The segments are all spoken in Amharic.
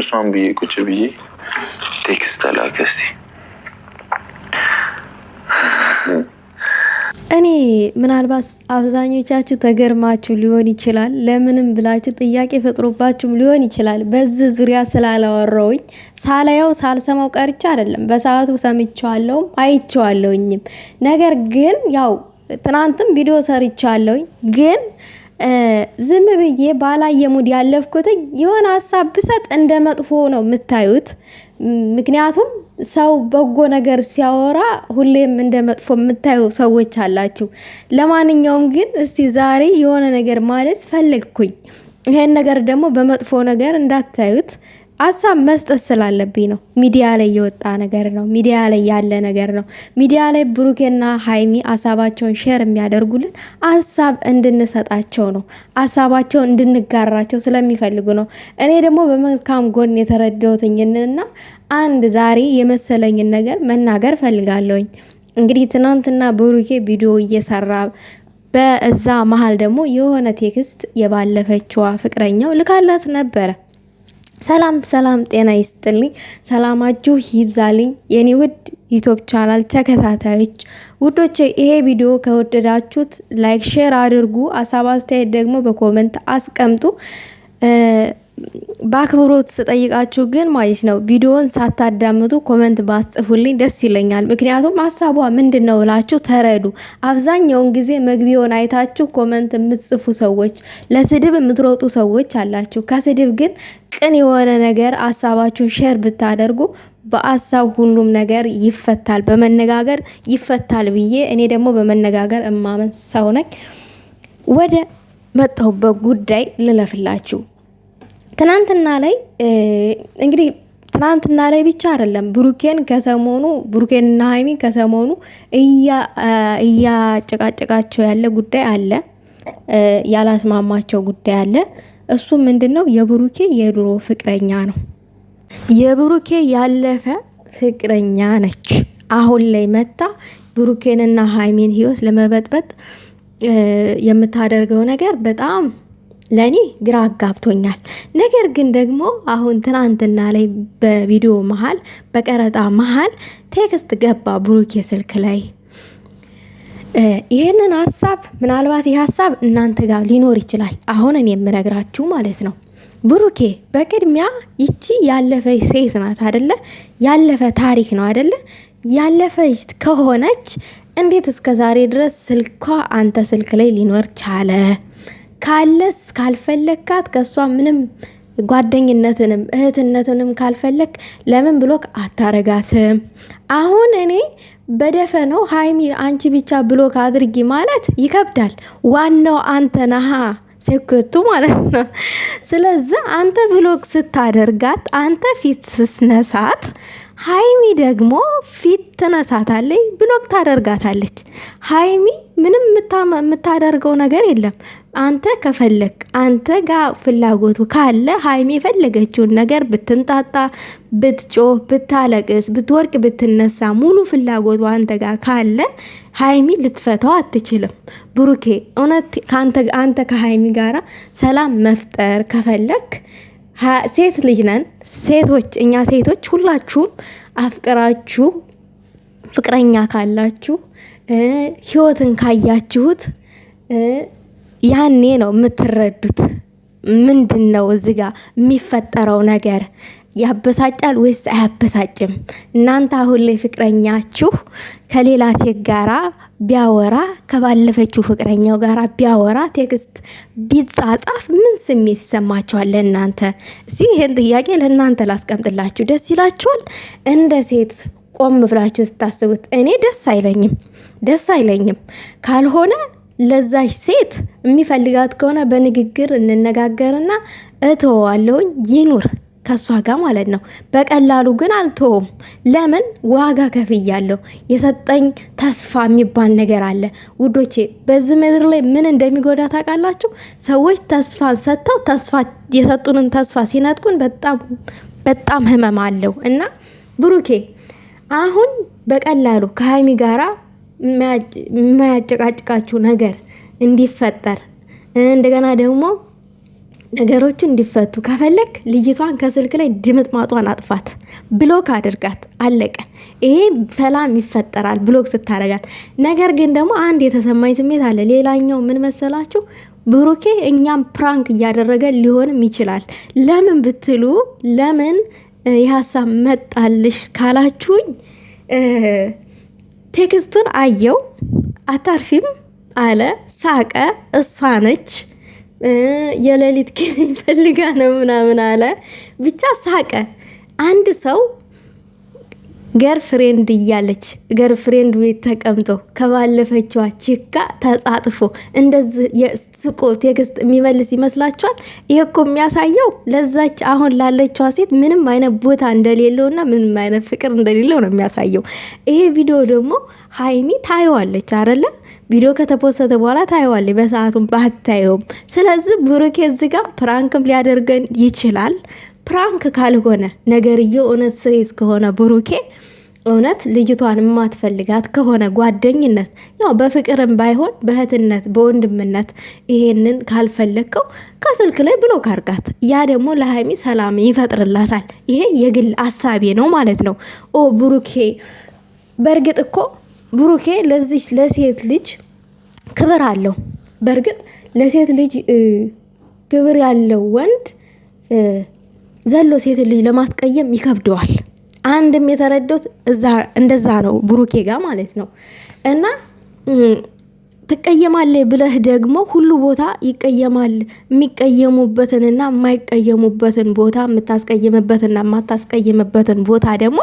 እሷን ብዬ ቁጭ ብዬ ቴክስት አላከ። እኔ ምናልባት አብዛኞቻችሁ ተገርማችሁ ሊሆን ይችላል። ለምንም ብላችሁ ጥያቄ ፈጥሮባችሁም ሊሆን ይችላል። በዚህ ዙሪያ ስላላወራውኝ ሳላየው ሳልሰማው ቀርቻ አይደለም። በሰዓቱ ሰምቼዋለሁም አይቼዋለሁኝም። ነገር ግን ያው ትናንትም ቪዲዮ ሰርቻለሁኝ ግን ዝም ብዬ ባላየ ሙድ ያለፍኩት የሆነ ሀሳብ ብሰጥ እንደ መጥፎ ነው የምታዩት። ምክንያቱም ሰው በጎ ነገር ሲያወራ ሁሌም እንደ መጥፎ የምታዩ ሰዎች አላችሁ። ለማንኛውም ግን እስቲ ዛሬ የሆነ ነገር ማለት ፈለግኩኝ። ይሄን ነገር ደግሞ በመጥፎ ነገር እንዳታዩት። ሀሳብ መስጠት ስላለብኝ ነው። ሚዲያ ላይ የወጣ ነገር ነው። ሚዲያ ላይ ያለ ነገር ነው። ሚዲያ ላይ ብሩኬና ሀይሚ ሀሳባቸውን ሼር የሚያደርጉልን ሀሳብ እንድንሰጣቸው ነው። ሀሳባቸውን እንድንጋራቸው ስለሚፈልጉ ነው። እኔ ደግሞ በመልካም ጎን የተረዳሁትኝንና አንድ ዛሬ የመሰለኝን ነገር መናገር ፈልጋለሁኝ። እንግዲህ ትናንትና ብሩኬ ቪዲዮ እየሰራ በዛ መሀል ደግሞ የሆነ ቴክስት የባለፈችዋ ፍቅረኛው ልካላት ነበረ። ሰላም ሰላም፣ ጤና ይስጥልኝ፣ ሰላማችሁ ይብዛልኝ የኔ ውድ ዩቱብ ቻናል ተከታታዮች ውዶቼ። ይሄ ቪዲዮ ከወደዳችሁት ላይክ፣ ሼር አድርጉ። አሳብ አስተያየት ደግሞ በኮመንት አስቀምጡ። በአክብሮት ስጠይቃችሁ ግን ማለት ነው ቪዲዮን ሳታዳምጡ ኮመንት ባትጽፉልኝ ደስ ይለኛል። ምክንያቱም ሀሳቧ ምንድን ነው ብላችሁ ተረዱ። አብዛኛውን ጊዜ መግቢያውን አይታችሁ ኮመንት የምትጽፉ ሰዎች፣ ለስድብ የምትሮጡ ሰዎች አላችሁ። ከስድብ ግን ቅን የሆነ ነገር ሀሳባችሁን ሼር ብታደርጉ በአሳብ ሁሉም ነገር ይፈታል፣ በመነጋገር ይፈታል ብዬ እኔ ደግሞ በመነጋገር እማመን ሰው ነኝ። ወደ መጣሁበት ጉዳይ ልለፍላችሁ። ትናንትና ላይ እንግዲህ ትናንትና ላይ ብቻ አይደለም ብሩኬን ከሰሞኑ ብሩኬንና ሀይሚ ከሰሞኑ እያጨቃጨቃቸው ያለ ጉዳይ አለ፣ ያላስማማቸው ጉዳይ አለ። እሱ ምንድን ነው? የብሩኬ የድሮ ፍቅረኛ ነው። የብሩኬ ያለፈ ፍቅረኛ ነች። አሁን ላይ መታ ብሩኬንና ሀይሚን ህይወት ለመበጥበጥ የምታደርገው ነገር በጣም ለእኔ ግራ አጋብቶኛል። ነገር ግን ደግሞ አሁን ትናንትና ላይ በቪዲዮ መሀል በቀረጣ መሀል ቴክስት ገባ ብሩክ የስልክ ላይ ይህንን ሀሳብ ምናልባት ይህ ሀሳብ እናንተ ጋር ሊኖር ይችላል። አሁንን የምነግራችሁ ማለት ነው። ብሩኬ በቅድሚያ ይቺ ያለፈ ሴት ናት አደለ? ያለፈ ታሪክ ነው አደለ? ያለፈ ከሆነች እንዴት እስከ ዛሬ ድረስ ስልኳ አንተ ስልክ ላይ ሊኖር ቻለ? ካለስ ካልፈለግካት ከእሷ ምንም ጓደኝነትንም እህትነትንም ካልፈለግ ለምን ብሎክ አታረጋትም? አሁን እኔ በደፈነው ሀይሚ አንቺ ብቻ ብሎክ አድርጊ ማለት ይከብዳል። ዋናው አንተ ነሃ ሴኩቱ ማለት ነው። ስለዚህ አንተ ብሎክ ስታደርጋት አንተ ፊት ስስነሳት ሀይሚ ደግሞ ፊት ትነሳታለች፣ ብሎክ ታደርጋታለች። ሀይሚ ምንም የምታደርገው ነገር የለም። አንተ ከፈለግ አንተ ጋ ፍላጎቱ ካለ ሀይሚ የፈለገችውን ነገር ብትንጣጣ፣ ብትጮህ፣ ብታለቅስ፣ ብትወርቅ፣ ብትነሳ ሙሉ ፍላጎቱ አንተ ጋ ካለ ሀይሚ ልትፈታው አትችልም። ብሩኬ እውነት አንተ ከሀይሚ ጋራ ሰላም መፍጠር ከፈለግ ሴት ልጅ ነን። ሴቶች እኛ ሴቶች ሁላችሁም አፍቅራችሁ ፍቅረኛ ካላችሁ ህይወትን ካያችሁት ያኔ ነው የምትረዱት ምንድን ነው እዚ ጋር የሚፈጠረው ነገር ያበሳጫል ወይስ አያበሳጭም? እናንተ አሁን ላይ ፍቅረኛችሁ ከሌላ ሴት ጋራ ቢያወራ ከባለፈችው ፍቅረኛው ጋራ ቢያወራ ቴክስት ቢጻጻፍ ምን ስሜት ይሰማችኋል? ለእናንተ እስኪ ይህን ጥያቄ ለእናንተ ላስቀምጥላችሁ። ደስ ይላችኋል? እንደ ሴት ቆም ብላችሁ ስታስቡት፣ እኔ ደስ አይለኝም፣ ደስ አይለኝም። ካልሆነ ለዛች ሴት የሚፈልጋት ከሆነ በንግግር እንነጋገርና እተወዋለሁኝ ይኑር ከእሷ ጋር ማለት ነው። በቀላሉ ግን አልተውም። ለምን ዋጋ ከፍያለሁ። የሰጠኝ ተስፋ የሚባል ነገር አለ ውዶቼ። በዚህ ምድር ላይ ምን እንደሚጎዳ ታውቃላችሁ? ሰዎች ተስፋን ሰጥተው ተስፋ የሰጡንን ተስፋ ሲነጥቁን በጣም በጣም ህመም አለው እና ብሩኬ አሁን በቀላሉ ከሀይሚ ጋራ የማያጨቃጭቃችሁ ነገር እንዲፈጠር እንደገና ደግሞ ነገሮቹ እንዲፈቱ ከፈለግ ልይቷን ከስልክ ላይ ድምጥማጧን አጥፋት፣ ብሎክ አድርጋት፣ አለቀ። ይሄ ሰላም ይፈጠራል ብሎክ ስታረጋት። ነገር ግን ደግሞ አንድ የተሰማኝ ስሜት አለ። ሌላኛው ምን መሰላችሁ? ብሩኬ እኛም ፕራንክ እያደረገ ሊሆንም ይችላል። ለምን ብትሉ ለምን የሀሳብ መጣልሽ ካላችሁኝ ቴክስቱን አየው አታርፊም አለ፣ ሳቀ፣ እሷ ነች የሌሊት ክኒን ፈልጋ ነው ምናምን አለ። ብቻ ሳቀ። አንድ ሰው ገር ፍሬንድ እያለች ገር ፍሬንድ ቤት ተቀምጦ ከባለፈችዋ ችካ ተጻጥፎ እንደዚህ ስቆ ቴክስት የሚመልስ ይመስላችኋል? ይሄ እኮ የሚያሳየው ለዛች አሁን ላለችዋ ሴት ምንም አይነት ቦታ እንደሌለው እና ምንም አይነት ፍቅር እንደሌለው ነው የሚያሳየው። ይሄ ቪዲዮ ደግሞ ሀይሚ ታየዋለች አይደለም ቪዲዮ ከተፖሰተ በኋላ ታየዋለ በሰዓቱም ባታየውም። ስለዚህ ብሩኬ እዚህ ጋር ፕራንክም ሊያደርገን ይችላል። ፕራንክ ካልሆነ ነገርየው እውነት ስሬስ ከሆነ ብሩኬ እውነት ልጅቷን የማትፈልጋት ከሆነ ጓደኝነት፣ ያው በፍቅርም ባይሆን በእህትነት በወንድምነት ይሄንን ካልፈለግከው ከስልክ ላይ ብሎክ አርጋት። ያ ደግሞ ለሀይሚ ሰላም ይፈጥርላታል። ይሄ የግል አሳቤ ነው ማለት ነው። ኦ ብሩኬ በእርግጥ እኮ ብሩኬ ለዚች ለሴት ልጅ ክብር አለው። በእርግጥ ለሴት ልጅ ክብር ያለው ወንድ ዘሎ ሴት ልጅ ለማስቀየም ይከብደዋል። አንድም የተረዳሁት እዛ እንደዛ ነው ብሩኬ ጋር ማለት ነው። እና ትቀየማለ ብለህ ደግሞ ሁሉ ቦታ ይቀየማል። የሚቀየሙበትንና የማይቀየሙበትን ቦታ የምታስቀይምበትና የማታስቀይምበትን ቦታ ደግሞ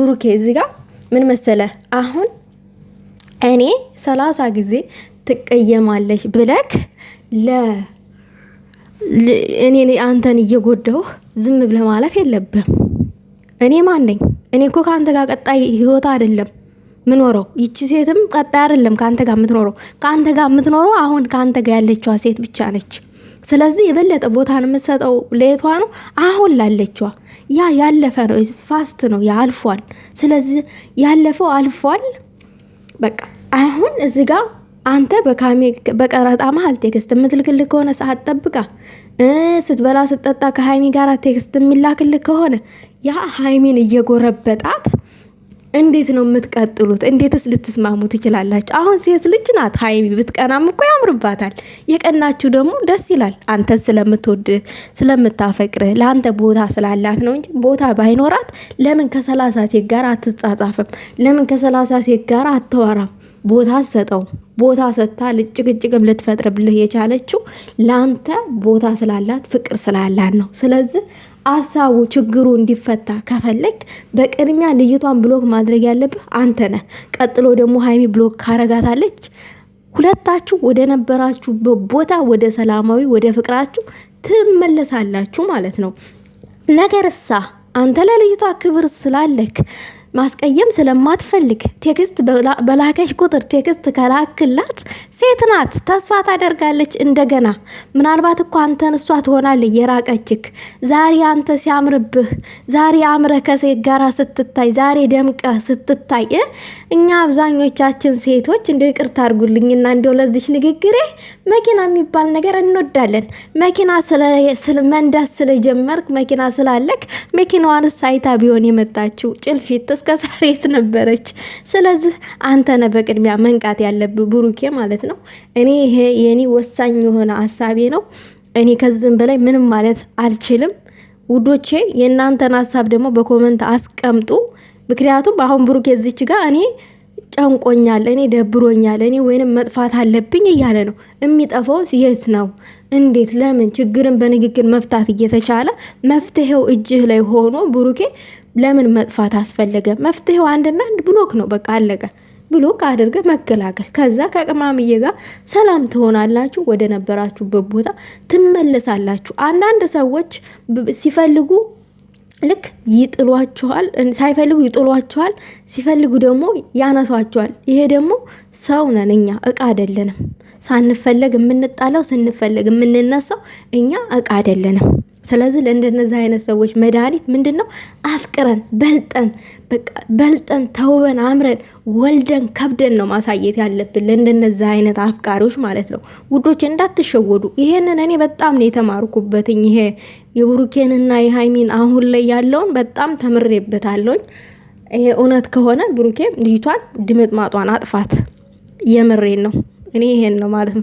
ብሩኬ እዚህ ጋር ምን መሰለህ አሁን እኔ ሰላሳ ጊዜ ትቀየማለሽ ብለክ ለ እኔ አንተን እየጎዳሁ ዝም ብለህ ማለፍ የለብህም። እኔ ማን ነኝ? እኔ እኮ ከአንተ ጋር ቀጣይ ህይወት አይደለም ምኖረው። ይቺ ሴትም ቀጣይ አይደለም ከአንተ ጋር የምትኖረው። ከአንተ ጋር የምትኖረው አሁን ከአንተ ጋር ያለችዋ ሴት ብቻ ነች። ስለዚህ የበለጠ ቦታን የምትሰጠው ለየቷ ነው፣ አሁን ላለችዋ። ያ ያለፈ ነው፣ ፋስት ነው፣ ያ አልፏል። ስለዚህ ያለፈው አልፏል፣ በቃ አሁን እዚ ጋር አንተ በቀረጣ መሀል ቴክስት የምትልክልህ ከሆነ ሰዓት ጠብቃ ስትበላ ስትጠጣ ከሀይሚ ጋር ቴክስት የሚላክልህ ከሆነ ያ ሀይሚን እየጎረበጣት እንዴት ነው የምትቀጥሉት? እንዴትስ ልትስማሙ ትችላላችሁ? አሁን ሴት ልጅ ናት ሀይሚ፣ ብትቀናም እኮ ያምርባታል። የቀናችሁ ደግሞ ደስ ይላል። አንተ ስለምትወድ ስለምታፈቅር ለአንተ ቦታ ስላላት ነው እንጂ ቦታ ባይኖራት ለምን ከሰላሳ ሴት ጋር አትጻጻፍም? ለምን ከሰላሳ ሴት ጋር አትወራም? ቦታ ሰጠው ቦታ ሰጥታ ጭቅጭቅም ልትፈጥርብልህ የቻለችው ለአንተ ቦታ ስላላት ፍቅር ስላላት ነው። ስለዚህ አሳቡ ችግሩ እንዲፈታ ከፈለግ በቅድሚያ ልጅቷን ብሎክ ማድረግ ያለብህ አንተ ነህ። ቀጥሎ ደግሞ ሀይሚ ብሎክ ካረጋታለች ሁለታችሁ ወደ ነበራችሁበት ቦታ ወደ ሰላማዊ ወደ ፍቅራችሁ ትመለሳላችሁ ማለት ነው። ነገርሳ አንተ ለልጅቷ ክብር ስላለክ ማስቀየም ስለማትፈልግ ቴክስት በላከሽ ቁጥር ቴክስት ከላክላት ሴት ናት ተስፋ ታደርጋለች። እንደገና ምናልባት እኮ አንተን እሷ ትሆናል የራቀችክ። ዛሬ አንተ ሲያምርብህ፣ ዛሬ አምረ ከሴት ጋራ ስትታይ፣ ዛሬ ደምቀ ስትታይ፣ እኛ አብዛኞቻችን ሴቶች እንደ ይቅርታ አድርጉልኝና እንደው ለዚሽ ንግግሬ መኪና የሚባል ነገር እንወዳለን። መኪና መንዳት ስለጀመርክ መኪና ስላለክ መኪናዋን ሳይታ ቢሆን የመጣችው ጭልፊት እስከ ዛሬ የት ነበረች? ስለዚህ አንተ ነህ በቅድሚያ መንቃት ያለብህ ብሩኬ ማለት ነው። እኔ ይሄ የኔ ወሳኝ የሆነ ሀሳቤ ነው። እኔ ከዚህም በላይ ምንም ማለት አልችልም። ውዶቼ የእናንተን ሀሳብ ደግሞ በኮመንት አስቀምጡ። ምክንያቱም አሁን ብሩኬ እዚች ጋር እኔ ጨንቆኛል፣ እኔ ደብሮኛል፣ እኔ ወይንም መጥፋት አለብኝ እያለ ነው። የሚጠፋው የት ነው? እንዴት? ለምን? ችግርን በንግግር መፍታት እየተቻለ መፍትሄው እጅህ ላይ ሆኖ ብሩኬ ለምን መጥፋት አስፈለገ? መፍትሄው አንድና አንድ ብሎክ ነው። በቃ አለቀ። ብሎክ አድርገ መገላገል። ከዛ ከቅማምዬ ጋር ሰላም ትሆናላችሁ፣ ወደ ነበራችሁበት ቦታ ትመለሳላችሁ። አንዳንድ ሰዎች ሲፈልጉ ልክ ይጥሏችኋል፣ ሳይፈልጉ ይጥሏችኋል፣ ሲፈልጉ ደግሞ ያነሷቸዋል። ይሄ ደግሞ ሰው ነን እኛ እቃ አይደለንም። ሳንፈለግ የምንጣለው ስንፈለግ የምንነሳው እኛ እቃ አይደለንም። ስለዚህ ለእንደነዚህ አይነት ሰዎች መድኃኒት ምንድን ነው? አፍቅረን በልጠን በልጠን ተውበን አምረን ወልደን ከብደን ነው ማሳየት ያለብን ለእንደነዚህ አይነት አፍቃሪዎች ማለት ነው። ውዶች እንዳትሸወዱ። ይሄንን እኔ በጣም ነው የተማርኩበትኝ። ይሄ የብሩኬንና የሃይሚን አሁን ላይ ያለውን በጣም ተምሬበታለሁኝ። ይሄ እውነት ከሆነ ብሩኬን ልጅቷን ድምጥማጧን አጥፋት። የምሬን ነው እኔ ይሄን ነው ማለት